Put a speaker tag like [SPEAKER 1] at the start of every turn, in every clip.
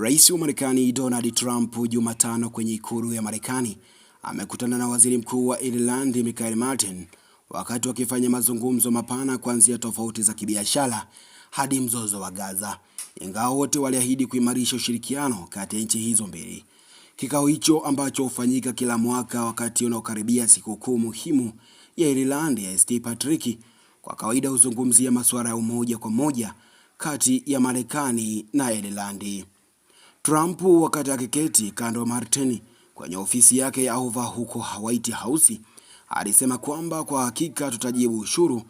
[SPEAKER 1] Rais wa Marekani Donald Trump Jumatano kwenye ikulu ya Marekani amekutana na Waziri Mkuu wa Ireland Michael Martin wakati wakifanya mazungumzo mapana kuanzia tofauti za kibiashara hadi mzozo wa Gaza, ingawa wote waliahidi kuimarisha ushirikiano kati ya nchi hizo mbili. Kikao hicho ambacho hufanyika kila mwaka wakati unaokaribia sikukuu muhimu ya Ireland ya St Patrick, kwa kawaida huzungumzia masuala ya umoja kwa moja kati ya Marekani na Ireland. Trump wakati akiketi kando ya Martin kwenye ofisi yake ya Oval huko White House alisema kwamba kwa hakika tutajibu ushuru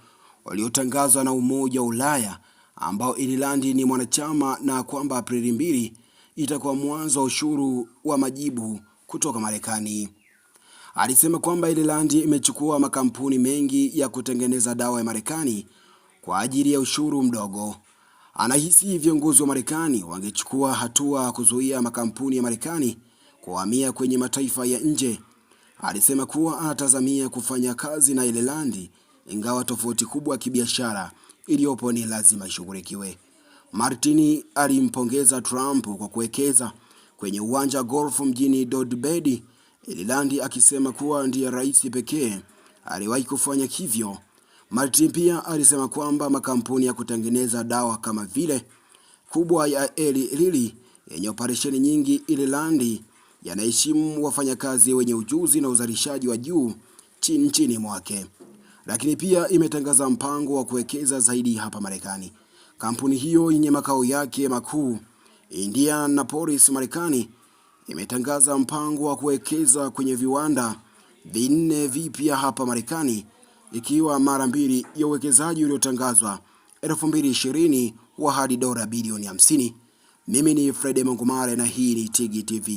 [SPEAKER 1] uliotangazwa na Umoja wa Ulaya ambao Ireland ni mwanachama na kwamba Aprili mbili itakuwa mwanzo wa ushuru wa majibu kutoka Marekani. Alisema kwamba Ireland imechukua makampuni mengi ya kutengeneza dawa ya Marekani kwa ajili ya ushuru mdogo. Anahisi viongozi wa Marekani wangechukua hatua kuzuia makampuni ya Marekani kuhamia kwenye mataifa ya nje. Alisema kuwa anatazamia kufanya kazi na Ireland ingawa tofauti kubwa ya kibiashara iliyopo ni lazima ishughulikiwe. Martini alimpongeza Trump kwa kuwekeza kwenye uwanja wa golfu mjini Dodbedi, Ireland akisema kuwa ndiye rais pekee aliwahi kufanya hivyo Martin pia alisema kwamba makampuni ya kutengeneza dawa kama vile kubwa ya Eli Lilly yenye operesheni nyingi Irilandi yanaheshimu wafanyakazi wenye ujuzi na uzalishaji wa juu chini nchini mwake, lakini pia imetangaza mpango wa kuwekeza zaidi hapa Marekani. Kampuni hiyo yenye makao yake makuu Indianapolis, Marekani imetangaza mpango wa kuwekeza kwenye viwanda vinne vipya hapa Marekani ikiwa mara mbili ya uwekezaji uliotangazwa 2020 wa hadi dola bilioni 50. Mimi ni Fred Mangumare na hii ni Tigi TV.